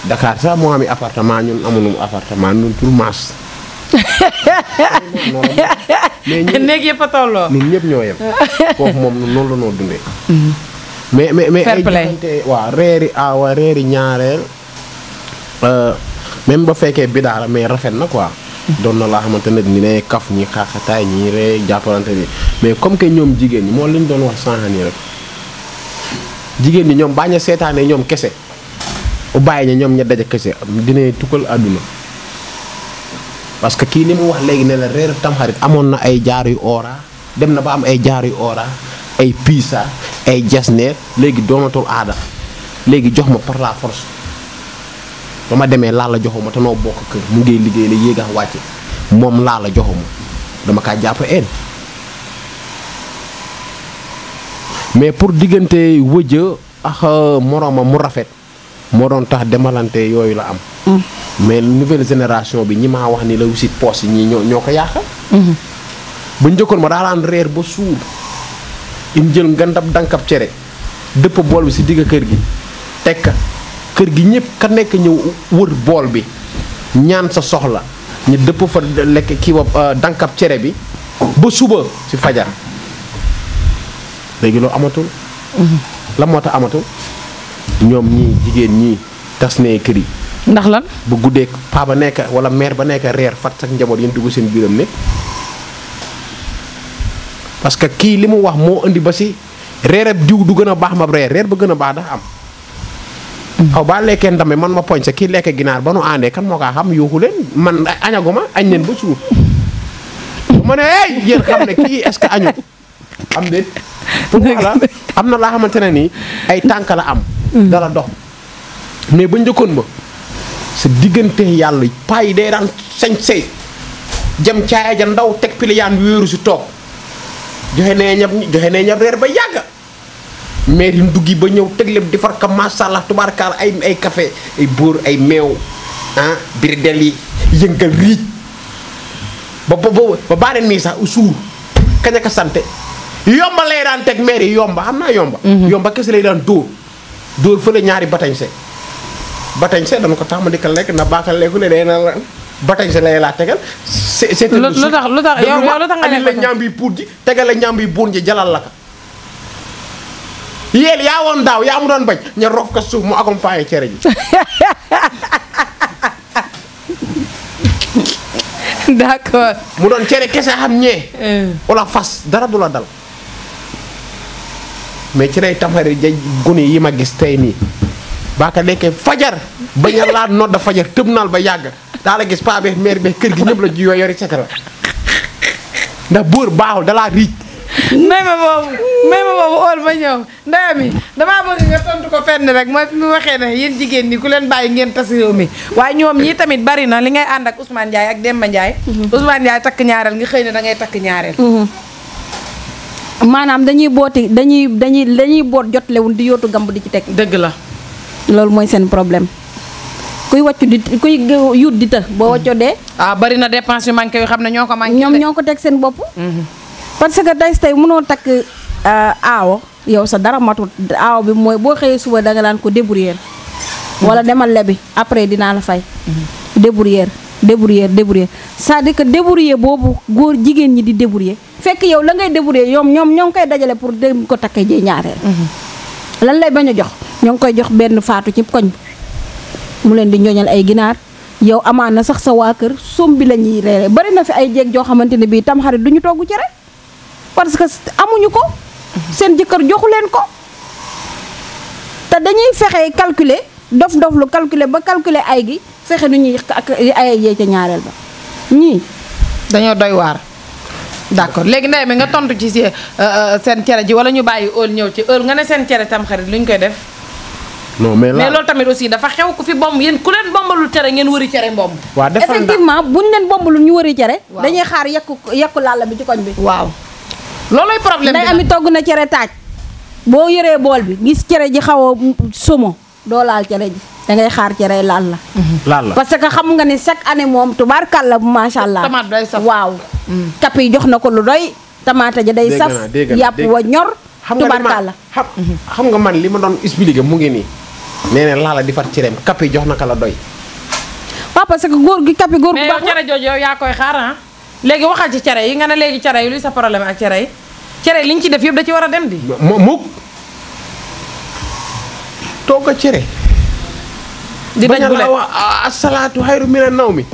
dakaar sax moo amee appartement ñun amuñu appartement ñun pour masse. *laughs* mais ñun néeg yëpp a tolloo. ñun ñëpp ñoo yem. foofu moom ñun noonu la noo dundee. Mm-hmm. mais mais mais ay jëfante waaw reeri aawa reeri ñaareel. Euh, même fekkee bidaa la mais rafet na ko mm-hmm. doon na laa xamante ne ni ne kaf ñi xaaxataay ñi ree jàppalante ni mais comme que ñoom jigéen ñi moo li ñu doon wax sànq nii rek jigéen ñi ñoom bañ a seetaane ñoom kese. u bàyyi ña ñoom ña daje kese dina tukkal àdduna parce que kii ni mu wax léegi ne la reeru tamxarit amoon na ay jaar yu oora dem na ba am ay jaar yu oora ay piisa ay jasneer léegi doonatul aada léegi jox ma par la force ba ma demee laa la joxuma te noo bokk kër mu ngi liggéey la yéegax wàcce moom laa la joxuma dama kaa jàpp een mais pour diggante wëjë ak euh, moroomam mu rafet moo doon tax demalante yooyu la am. Mm. mais nouvelle génération bi ñi maa wax ni la wisit poos yi ñii ñoo ñoo ko yàq. Mm-hmm. bu njëkkoon ma daalaan reer ba suur im jël ngandab dankab cere dëpp bool bi si digg kër gi tekka kër gi ñëpp ka nekk ñëw wër bool bi ñaan sa soxla ñu dëpp fa lekk kii wa euh, cere bi ba suba ci fajar léegi loo amatul. Mm-hmm. la moo tax amatul. ñoom ñii jigéen ñii tas nee kër yi. ndax lan bu guddee paa ba nekk wala meer ba nekk reer fat sax njaboot yéen dugg seen biiram ne parce que kii li mu wax moo indi ba si reerab diw du gën a baax ma reer reer ba gën a baax dafa am. xaw baa lekkee ndame man ma poñ sa kii lekk ginaar ba nu àndee kan moo kaa xam yuuxu leen man añaguma añ leen ba suur ma ne hey yéen xam ne kii est-ce que añu am déet. *laughs* am na laa xamante ne nii ay tànk la am. Mm. dala dox mais ba njëkkoon ba sa diggante yàlla paa yi day daan sañ say jëm caaya ja ndaw teg piliyaan bi wéeru si toog joxe nee ñab joxe nee ñab reer ba yàgga mais yi dugg yi ba ñëw teg lépp defar ko macha tubaarkaal ay ay café ay bóor ay meew ah biridel yi yëngal riij ba ba ba baareen mii sax suur kañ yomba lay daan teg maire yi yomba am naa yomba. Mm-hmm. yomba kese lay daan dóor. dóor fële ñaari batañse batañse dana ko tàmm di ko lekk na baaxal lekku ne day na la batañse lay laa tegal. c'est c'est lu tax lu tax yow yow lu tax nga la ñaam yi puut ji tegal la ñaam yi buun ji jalal la ko. yéen yaa woon daaw yaa mu doon bañ ña rof ko suuf mu accompagné cere ji. *laughs* d'accord. mu doon cere kese am ñee. Euh. wala fas dara du la dal. mais ci lay tamxarit ja gune yi ma gis tey nii baa ko lekkee fajar bañ a laal nodd fajar tëb naal ba yàgg daa la gis paa beeg meer beeg kër gi ñëpp la juyoo yori setala ndax buur baaxul dalaa riij may ma boobu may ma boobu óol ma ñëw ndeyam yi damaa bëgg nga tontu ko fenn rek mooy fi mu waxee ne yéen jigéen ñi ku leen bàyyi ngeen tas réew mi waaye ñoom ñii tamit bari na li ngay ànd ak Ousmane Ndiaye ak Demba Ndiaye mhm. Ousmane Ndiaye takk ñaareel nga xëy na da ngay takk ñaareel mhm. maanaam dañuy booti dañuy dañuy dañuy boot jotlewul di yootu gamb di ci teg. dëgg la. loolu mooy seen problème. kuy wàccu di kuy yuut di të boo wàccoo dee. ah bari na dépense yu manqué yu xam ne ñoo ko manqué. ñoom ñoo ko teg seen bopp. Mhm. parce que tey tey mënoo takk euh, aawo yow sa dara matut aawo bi mooy boo xëyee suba danga daan ko débrouiller. Mhm. wala demal lebi après dinaa la fay. Mhm. débrouiller. débrouiller débrouiller c'est-à-dire que débrouiller boobu góor jigéen ñi di débrouiller fekk yow la ngay débrouiller yoom ñoom ñoo ngi koy dajale pour dem ko takkee jee ñaareel mm-hmm. lan lay bañ a jox ñoo ngi koy jox benn faatu ci koñ bi mu leen di ñooñal ay ginaar yow amaan na sax sa waa kër som bi la ñuy reere bari na fi ay jeeg joo xamante ne bii tam xarit du ñu togg cere parce que amuñu ko mm-hmm. seen jëkkër joxu leen ko te dañuy fexe calculer dof dof lu calculer ba calculer ay gi fexe nu ñuy ak ay yee ca ñaareel ba ñii. dañoo doy waar. d'accord léegi ndey mi nga tontu ci euh, euh, seen cere ji wala ñu bàyyi óol ñëw ci óol nga ne seen cere tam xarit lu ñu koy def. non mais loolu tamit aussi dafa xew ku fi bomb yéen ku leen bombalul cere ngeen wëri cere mbomb. waaw defal effectivement bu ñu leen bombalul ñu wëri cere. dañuy xaar yekku yekku lalla bi ci koñ bi. waaw loolooy problème bi nday ami togg na cere taaj. boo yoree bool bi gis cere ji xaw a somo doo laal cere ji. da ngay xaar cere laal la. laal la parce que xam nga ni chaque année moom tubaarkàlla macha allah. tomate day saf waaw. Mm. yi jox na ko lu doy. tamaate ja day saf yàpp wa ñor. tubaarkàlla xam nga man li ma doon expliqué mu ngi nii. nee na la di far cereem kapi jox na ko la doy. waaw parce que góor gi kapi góor gu baax mais yow cere jooju yow yaa koy xaar ah. léegi waxal ci cere yi nga ne léegi cere yi luy sa problème ak cere yi cere yi li ñu ci def yëpp da ci war a dem di. moo moog toog di daj bu leen asalaatu xayru mina naw mi.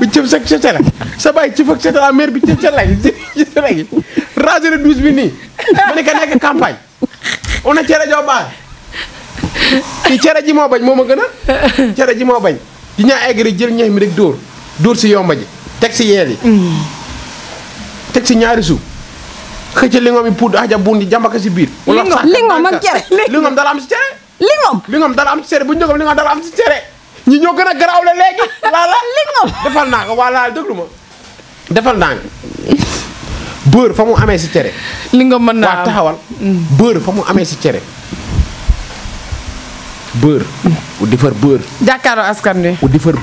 bi cëf sa cëcala sa bàyyi cëf ak cëcala mère bi cëf cëcala gi cëf cëcala bi nii ma ne ka nekk campagne on cere joo baal ci cere ji moo bañ moo ma gën a cere ji moo bañ di ñaa egg rek jël ñeex mi rek dóor dóor si yomba ji teg si yeel yi mm. teg si ñaari suuf xëcc li ngom yi puud aja bundi jàmbaka si biir. wala sax li ngom ak cere li ngom si cere. li ngom li am si cere bu ñu jógee li am si cere. ñi ñoo gën a garaaw la léegi. laala li ngom defal naa ko waa laal déglu ma defal naa ko beurre fa mu amee si cere. li ngom mën naa waa taxawal. Mm. beurre fa mu amee si cere. beurre. u defar beurre. askan wi. u defar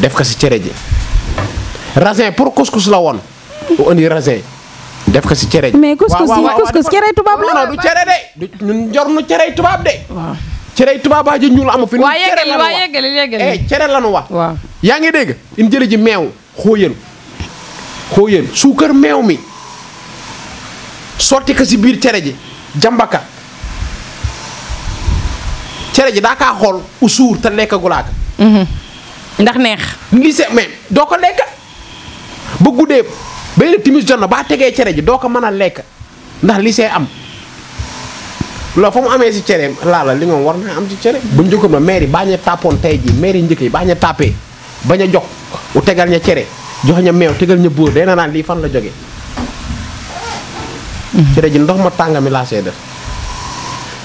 def ko si cere ji. rasin pour couscous la woon. u indi raisin. def ko si cere. mais couscous couscous cere tubaab la. non du cere jor nu cere tubaab cere tubaab a ji ñuul amu fi. waaw yeggali waaw eh, la nu wax. waaw yaa ngi dégg. in jëli ji meew xooyal xooyal suukar meew mi sorti ko si biir cere ji jambaka cere ji daa kaa xool usuur te lekk gulaaka. Mhm. ndax neex. ngi se mais doo ko lekk ba guddee. bay ne timis jot na baa tegee cere ji doo ko mën a lekk ndax li see am loo fa mu amee si cere laala li ngoom war naa am ci cere bu njëkkoon na maire yi baa ñu tàppoon tey jii maire njëkk yi baa ñu tàppee bañ a jox u tegal ña cere jox ña meew tegal ña buur day na naan lii fan la jógee mm-hmm. cere ji ndox ma tàngami laa see def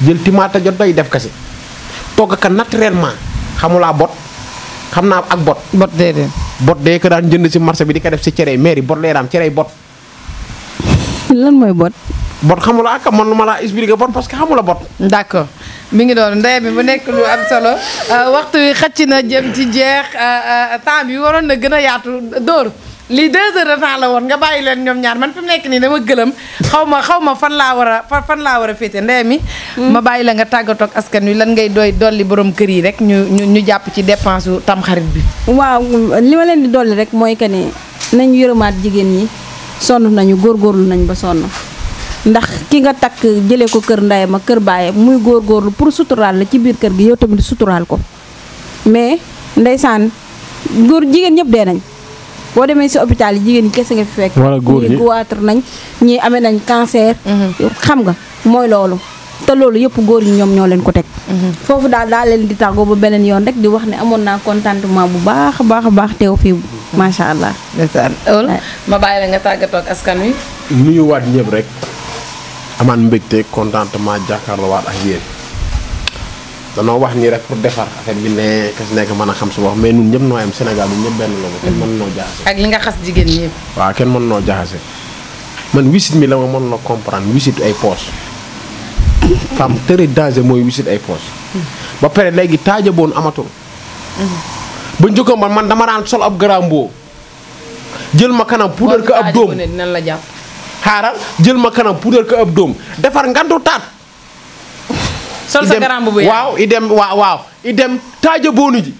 jël timaata jot doy def kasi togg ka naturellement xamulaa bot xam naa ak bot bot déedéet bot dee ko daan jënd si marché bi di ko def si cere mairie bot lay daam cere bot. lan mooy bot. bot xamula ak man lu ma laa expliquer bot parce que xamula bot. d'accord mi ngi doon ndey bi bu nekk lu am solo euh, waxtu wi xëcc na jëm ci jeex euh, euh, temps bi waroon na gën a yaatu dóor. lii deux heures de temps la woon nga bàyyi leen ñoom ñaar man fi mu nekk nii dama gëlëm xaw ma xaw ma fan laa war a fan laa war a féete ndee mi hmm. ma bàyyi la nga tàggatoo ak askan wi lan ngay doy dolli boroom kër yi rek ñu ñu ñu jàpp ci dépense u tamxarit bi waaw li ma leen di dolli rek mooy que ni nañu yërëmaat jigéen ñi sonn nañu góor góorlu nañ ba sonn ndax ki nga takk jëlee ko kër ndeyam ak kër baayam muy góorgóorlu pour suturaal la ci biir kër gi yow tamit suturaal ko mais ndeysaan góor jigéen ñëpp dee nañ boo demee si hôpital yi jigéen ñi kese nga fi fekk. wala góor ñi goitre nañ ñii amee nañ cancer. Mhm. xam nga mooy loolu. te loolu yëpp góor ñi ñoom ñoo leen ko teg. Mhm. foofu daal daa leen di tàggoo ba beneen yoon rek di wax ne amoon naa contentement bu baax a baax a baax teew fii macha allah. ma bàyyi la nga tàggatook askan wi. nuyuwaat ñëpp rek amaan mbégte contentement jàkkaarloowaat ak yéen. danoo wax nii rek pour defar affaire bi ne kas nekk mën a xam su wax mais ñun ñëpp noo am Sénégal ñun ñëpp benn loolu kenn mën noo jaxase. ak li nga xas jigéen ñi. waaw kenn mën noo jaxase man wisit mi la ma mën na comprendre wisit ay poches femme tëri danger mooy wisit ay poches. ba pare léegi taaja boon amatul. ba njëkkoon ba man dama daan sol ab garambo jël ma kanam puudar ko ab doom xaaral jël ma kanam puudar ko ab doom defar ngandu taat. sol sa garam bu waaw i dem waaw waaw i dem taaja ji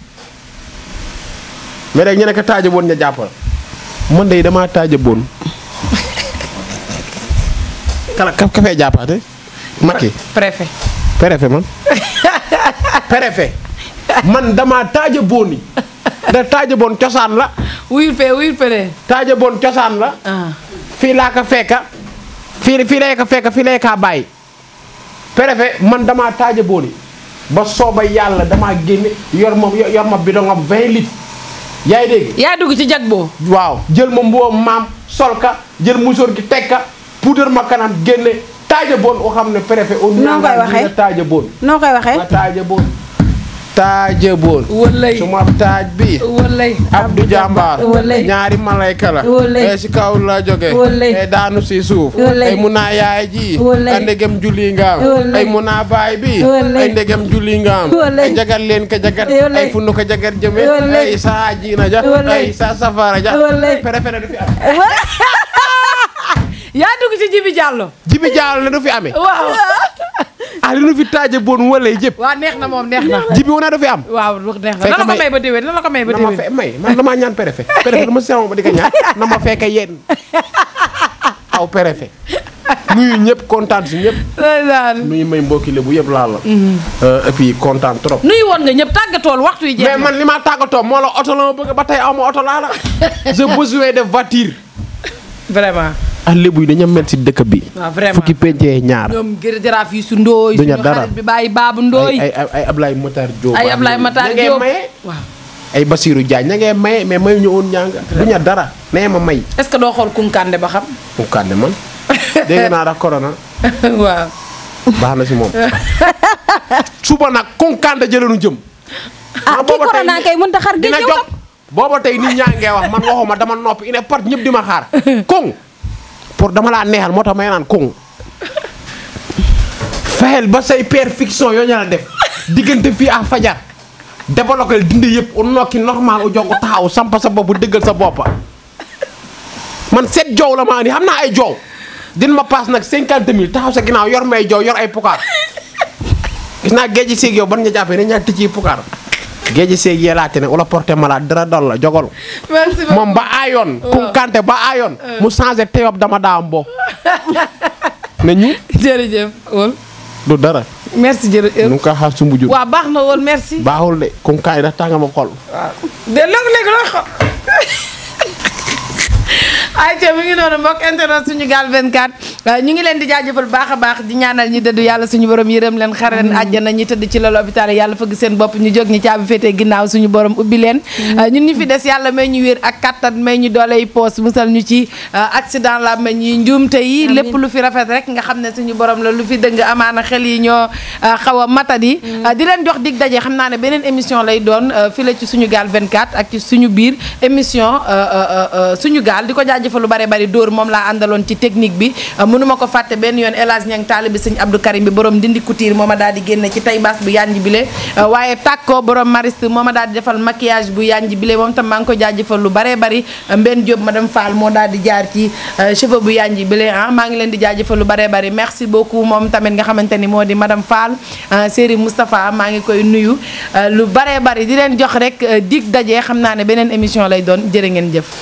mais rek ñu ne ko taaja boon ña jàppal man de damaa taaja boon *laughs* kala ka ka fee jàppaate Macky man *laughs* préfet damaa taaja booni da taaja boon cosaan la wuyul fee wuyul fee taaja boon cosaan la ah. fii laa ko fekka fii fii lay fekka fii lay kaa bàyyi préfet man damaa taaja booli ba sooba yàlla damaa génne yor ma yor ma bidon am 20 litres yaa ngi dégg. yaa dugg ci jag boo. waaw jël ma mbuum maam sol ka jël musóor gi teg ka puudar ma kanam génne taaja boon oo xam ne préfet. noo koy waxee au niveau nga taaja boon. noo koy waxee taajaboon wallay su ma taaj bi abdu jàmbaar ñaari malayka la wallay si kaw la jóge wallay ay daanu si suuf ay mun yaay ji ay ndegem julli ay mun baay bi ay ndegem julli ay jagat ka jagat ay funnu ka jagat jëme ay saa jiina ja ay saa safara ja ay du fi am *laughs* yaa dugg ci Jibi Jàllo Jibi Jàllo la du fi amee ah li nu fi taaje boon wala jëpp. waa neex na moom neex na. ji bi wanaa dafay am. waaw neex na la ko may ba déwén la ko may ba déwén. may man damaa ñaan préfet *laughs* préfet dama sama ba di a ñaan na ma fekk yéen aw préfet nuyu ñëpp kontaan si ñëpp. nuyu may mbokki bu yëpp laa la. Mhm. Euh, et puis kontaan trop. nuyu woon nga ñëpp tàggatool waxtu yi jeex man li maa tàggatoo moo la oto la ma bëgg ba tey aw ma oto laa la. *laughs* j'ai besoin de voiture. vraiment. ah lébu yi dañoo mel si dëkk bi. waaw vraiment fukki pencee ñaar. ñoom jaraaf yi su ndooy. suñu xarit bi bàyyi baabu ndooy. ay ay ay Ablaye Matar Diop. ay Ablaye Matar Diop ay Basirou Diagne ña ngay maye mais mayu ñu woon ñanga duñu dara nee ma may. est-ce que doo xool Kunkande ba xam. Kunkande man *laughs* dégg naa daal corona. waaw. baax na si moom. *laughs* suba nag Kunkande jëleenu jëm. ah kii corona kay mënut a xar géej booba tey nit ñaa ngee wax man waxuma dama noppi ine part ñëpp di ma xaar kong *laughs* pour dama laa neexal moo tax may naan koŋ fexeel ba say perfection yoo ñu la def diggante fii ak fajar développé dindi yëpp u nokki normal u jonk taxaw sampa sa bopp dëggal sa bopp man seet joow la maa ni xam naa ay joow din ma paas nag cinquante mille taxaw sa ginaaw yor may joow yor ay pukaar gis naa géej gi yow ban nga jàppee ne ñaar tëj ci pukaar géej seeg yelaate ne wala porté malade dara dal la jogol moom ba aayoon oh. kunkante ba aayoon oh. mu changé teyob dama daam bo *laughs* ne ñu jërëjëf wol du dara merci jërëjëf nu nga ko xaar sumbu jur baax na woon merci baaxul de kunkaay da tànga ma xol de léegi léegi loo xol *laughs* ay ngi noonu mbokk internet Sunugal 24 ñu ngi leen di jaajëfal baax a baax di ñaanal ñi dëddu yàlla suñu borom yërëm leen xare leen àjjana ñi tëdd ci lal hôpital yàlla fëgg seen bopp ñu jóg ñi caabi féetee ginnaaw suñu borom ubbi leen ah, ñun ñu fi des yàlla may ñu wér ak kattan may ñu dooley poos musal ñu ci ah, accident la may ñu njuumte yi lépp lu fi rafet rek nga xam ne suñu boroom la lu fi dëng amaana xel yi ñoo ah, xaw a matadi di leen jox dig daje xam naa ne beneen émission lay doon fi la ci suñu gaal 24 ak ci suñu biir émission suñu gaal di ko jaajëfal lu bare bari dóor moom laa àndaloon ci technique bi mënuma ko fàtte benn yoon El Hadj Niang taalibi sëñ Abdou Karim bi borom dindi couture moo ma daal di génne ci tay baas bu yanj bile euh, waaye tàkko borom mariste moo ma daal di defal maquillage bu yanj bile moom tam maa ngi ko jaajëfal lu baree bari euh, Mbène Diop madame Fall moo daal di jaar ci euh, cheveux bu yanj bile ah maa ngi leen di jaajëfal lu baree bari merci beaucoup moom tamit nga xamante ni moo di madam Fall Serigne mustapha maa ngi koy nuyu lu baree bari di leen jox rek dig daje xam naa ne beneen émission lay doon jërë ngeen jëf